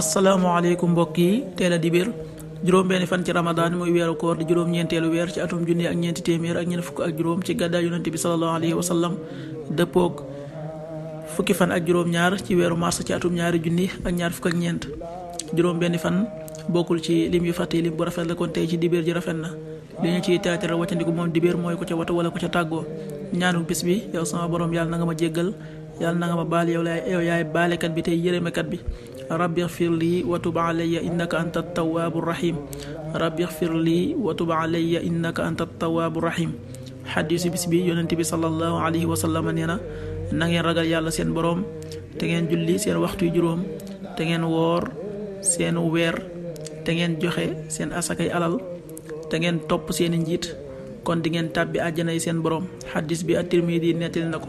asalaamaaleykum mbokk yi teel a dibéer juróom benn fan ci ramadaan muy weeru koor di juróom ñeenteelu weer ci atum junni ak ñeenti téeméer ak ñeent fukk ak juróom ci gàddaay yonente bi sallallahu alayhi wa sallam dëppoog fukki fan ak juróom ñaar ci weeru mars ci atum ñaari junni ak ñeent juróom benn fan bokkul ci lim yu fàtte lim bu rafet la kon tey ci dibéer ji rafet na li ñu ciy théâtre waccandiku moom dibéer mooy ko ca watu wala ko ca tàggoo ñaanu bis bi yow sama borom yàlla na ma jéggal yàlla na nga ma baal yow laay yow yaay baalekat bi tey yërëmekat bi rabbi xfir lii wa tub alayya innaka anta tawaabu rahim rabbi xfir lii wa tub alayya innaka anta tawaabu rahim xadiisu bis bi yonent bi sallallahu alayhi wa sallam nee na na ngeen ragal yàlla seen boroom te ngeen julli seen waxtu juróom te ngeen woor seen weer te ngeen joxe seen asakay alal te ngeen topp seeni njiit kon di ngeen tàbbi àjjana yi seen boroom xadis bi at yi nettali na ko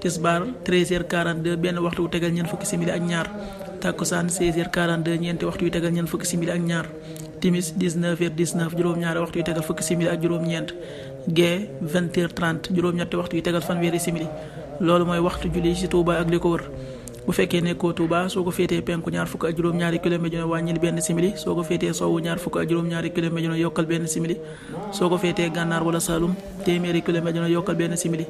tisbaar 13h42 benn waxtu wu tegal ñeent fukki simili ak ñaar takkusaan 16h42 ñeenti waxtu yu tegal ñeent fukki simili ak ñaar timis 19h19 juróom-ñaari waxtu yu tegal fukki simili ak juróom-ñeent gee 20h30 juróom-ñetti waxtu yu fanweeri simili loolu mooy waxtu julli ci Touba ak li ko wër bu fekkee nekkoo Touba soo ko féetee penku ñaar fukk ak juróom-ñaari kilomètre dina wàññil benn simili soo ko féetee sowwu ñaar fukk ak juróom-ñaari kilomètre dina ko féetee gànnaar wala Saloum téeméeri kilomètre dina yokkal benn simili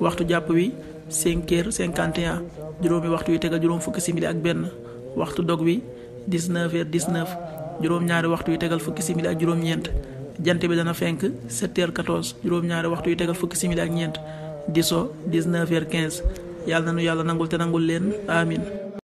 waxtu jàpp wi 5 heures 51 juróomi waxtu wi tegal juróom fukki simili ak benn waxtu dog wi 19 heures 19 juróom-ñaari waxtu wi tegal fukki simili ak juróom-ñeent jant bi dana fenk 7 heures 14 juróom-ñaari waxtu wi tegal fukki simili ak ñeent di so 19 heures 15 yàlla na nu yàlla nangul te nangul leen amin